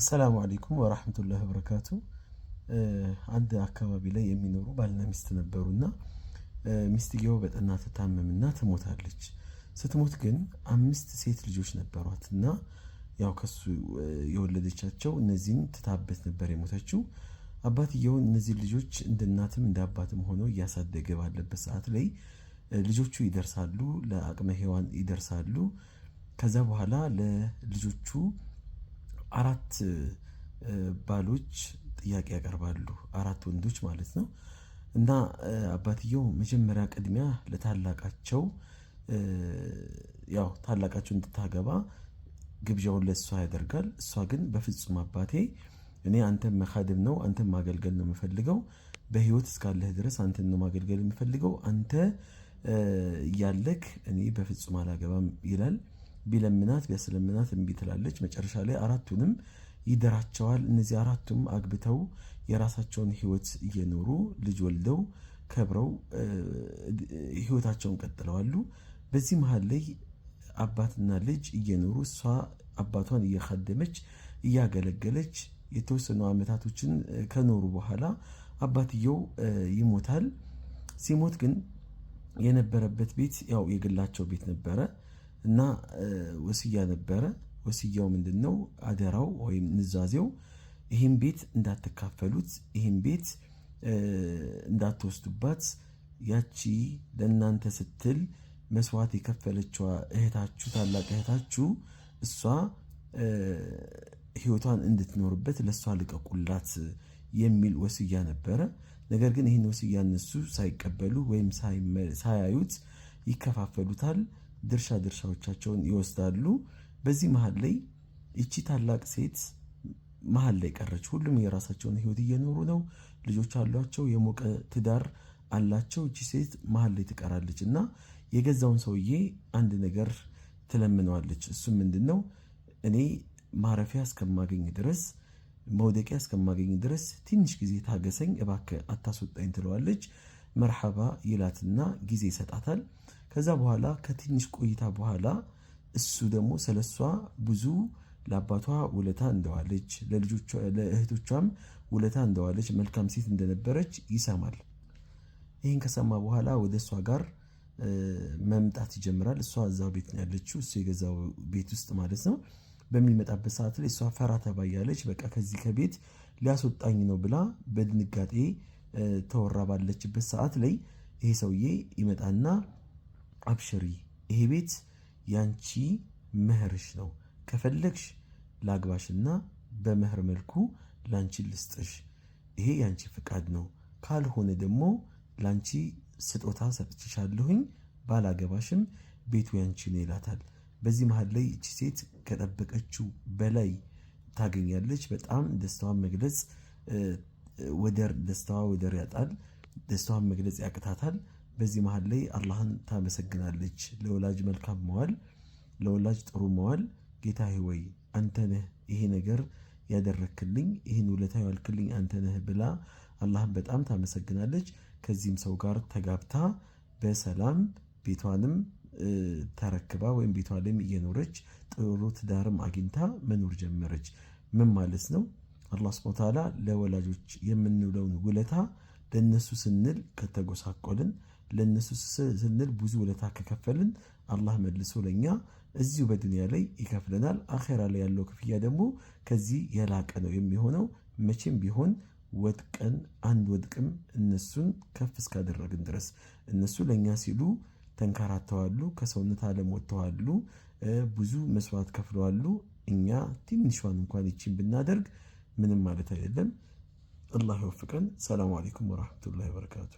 አሰላሙ አለይኩም ወራህመቱላሂ ወበረካቱ። አንድ አካባቢ ላይ የሚኖሩ ባልና ሚስት ነበሩና ሚስትየው በጠና ትታመምና ትሞታለች። ስትሞት ግን አምስት ሴት ልጆች ነበሯት እና ያው ከሱ የወለደቻቸው እነዚህን ትታበት ነበር የሞተችው። አባትየው እነዚህ ልጆች እንደ እናትም እንደ አባትም ሆኖ እያሳደገ ባለበት ሰዓት ላይ ልጆቹ ይደርሳሉ፣ ለአቅመ ሔዋን ይደርሳሉ። ከዛ በኋላ ለልጆቹ አራት ባሎች ጥያቄ ያቀርባሉ አራት ወንዶች ማለት ነው። እና አባትየው መጀመሪያ ቅድሚያ ለታላቃቸው ያው ታላቃቸው እንድታገባ ግብዣውን ለእሷ ያደርጋል። እሷ ግን በፍጹም አባቴ እኔ አንተን መካድም ነው አንተን ማገልገል ነው የምፈልገው በህይወት እስካለህ ድረስ አንተን ነው ማገልገል የምፈልገው አንተ እያለክ እኔ በፍጹም አላገባም ይላል። ቢለምናት ቢያስለምናት እምቢ ትላለች። መጨረሻ ላይ አራቱንም ይደራቸዋል። እነዚህ አራቱም አግብተው የራሳቸውን ህይወት እየኖሩ ልጅ ወልደው ከብረው ህይወታቸውን ቀጥለዋሉ። በዚህ መሀል ላይ አባትና ልጅ እየኖሩ እሷ አባቷን እየካደመች እያገለገለች የተወሰኑ ዓመታቶችን ከኖሩ በኋላ አባትየው ይሞታል። ሲሞት ግን የነበረበት ቤት ያው የግላቸው ቤት ነበረ። እና ወስያ ነበረ። ወስያው ምንድን ነው? አደራው ወይም ንዛዜው ይህም ቤት እንዳትካፈሉት፣ ይህም ቤት እንዳትወስዱባት፣ ያቺ ለእናንተ ስትል መስዋዕት የከፈለችዋ እህታችሁ ታላቅ እህታችሁ እሷ ህይወቷን እንድትኖርበት ለእሷ ልቀቁላት የሚል ወስያ ነበረ። ነገር ግን ይህን ወስያ እነሱ ሳይቀበሉ ወይም ሳያዩት ይከፋፈሉታል። ድርሻ ድርሻዎቻቸውን ይወስዳሉ። በዚህ መሀል ላይ እቺ ታላቅ ሴት መሀል ላይ ቀረች። ሁሉም የራሳቸውን ህይወት እየኖሩ ነው። ልጆች አሏቸው፣ የሞቀ ትዳር አላቸው። እቺ ሴት መሀል ላይ ትቀራለች እና የገዛውን ሰውዬ አንድ ነገር ትለምነዋለች። እሱም ምንድን ነው? እኔ ማረፊያ እስከማገኝ ድረስ መውደቂያ እስከማገኝ ድረስ ትንሽ ጊዜ ታገሰኝ እባክህ አታስወጣኝ ትለዋለች። መርሐባ ይላትና ጊዜ ይሰጣታል። ከዛ በኋላ ከትንሽ ቆይታ በኋላ እሱ ደግሞ ስለሷ ብዙ ለአባቷ ውለታ እንደዋለች ለእህቶቿም ውለታ እንደዋለች መልካም ሴት እንደነበረች ይሰማል። ይህን ከሰማ በኋላ ወደ እሷ ጋር መምጣት ይጀምራል። እሷ እዛው ቤት ነው ያለችው፣ እሱ የገዛው ቤት ውስጥ ማለት ነው። በሚመጣበት ሰዓት ላይ እሷ ፈራ ተባያለች። በቃ ከዚህ ከቤት ሊያስወጣኝ ነው ብላ በድንጋጤ ተወራ ባለችበት ሰዓት ላይ ይሄ ሰውዬ ይመጣና አብሽሪ፣ ይሄ ቤት ያንቺ መህርሽ ነው። ከፈለግሽ ላግባሽና በመህር መልኩ ላንቺ ልስጥሽ፣ ይሄ ያንቺ ፍቃድ ነው። ካልሆነ ደግሞ ላንቺ ስጦታ ሰጥችሻለሁኝ፣ ባላገባሽም ቤቱ ያንቺ ነው ይላታል። በዚህ መሀል ላይ እቺ ሴት ከጠበቀችው በላይ ታገኛለች። በጣም ደስታዋን መግለጽ ወደር ደስታዋ ወደር ያጣል። ደስታዋን መግለጽ ያቅታታል። በዚህ መሀል ላይ አላህን ታመሰግናለች። ለወላጅ መልካም መዋል፣ ለወላጅ ጥሩ መዋል። ጌታ ወይ አንተ ነህ ይሄ ነገር ያደረክልኝ፣ ይህን ውለታ ያዋልክልኝ አንተ ነህ ብላ አላህን በጣም ታመሰግናለች። ከዚህም ሰው ጋር ተጋብታ በሰላም ቤቷንም ተረክባ ወይም ቤቷ ላይም እየኖረች ጥሩ ትዳርም አግኝታ መኖር ጀመረች። ምን ማለት ነው? አላህ ስብሐነ ወተዓላ ለወላጆች የምንውለውን ውለታ ለእነሱ ስንል ከተጎሳቆልን፣ ለእነሱ ስንል ብዙ ውለታ ከከፈልን አላህ መልሶ ለእኛ እዚሁ በዱንያ ላይ ይከፍለናል። አኼራ ላይ ያለው ክፍያ ደግሞ ከዚህ የላቀ ነው የሚሆነው። መቼም ቢሆን ወድቀን አንድ ወድቅም እነሱን ከፍ እስካደረግን ድረስ እነሱ ለእኛ ሲሉ ተንከራተዋሉ፣ ከሰውነት ዓለም ወጥተዋሉ፣ ብዙ መስዋዕት ከፍለዋሉ። እኛ ትንሿን እንኳን ይችን ብናደርግ ምንም ማለት አይደለም። አላህ ይወፍቀን። ሰላም አለይኩም ወራህመቱላሂ ወበረካቱ።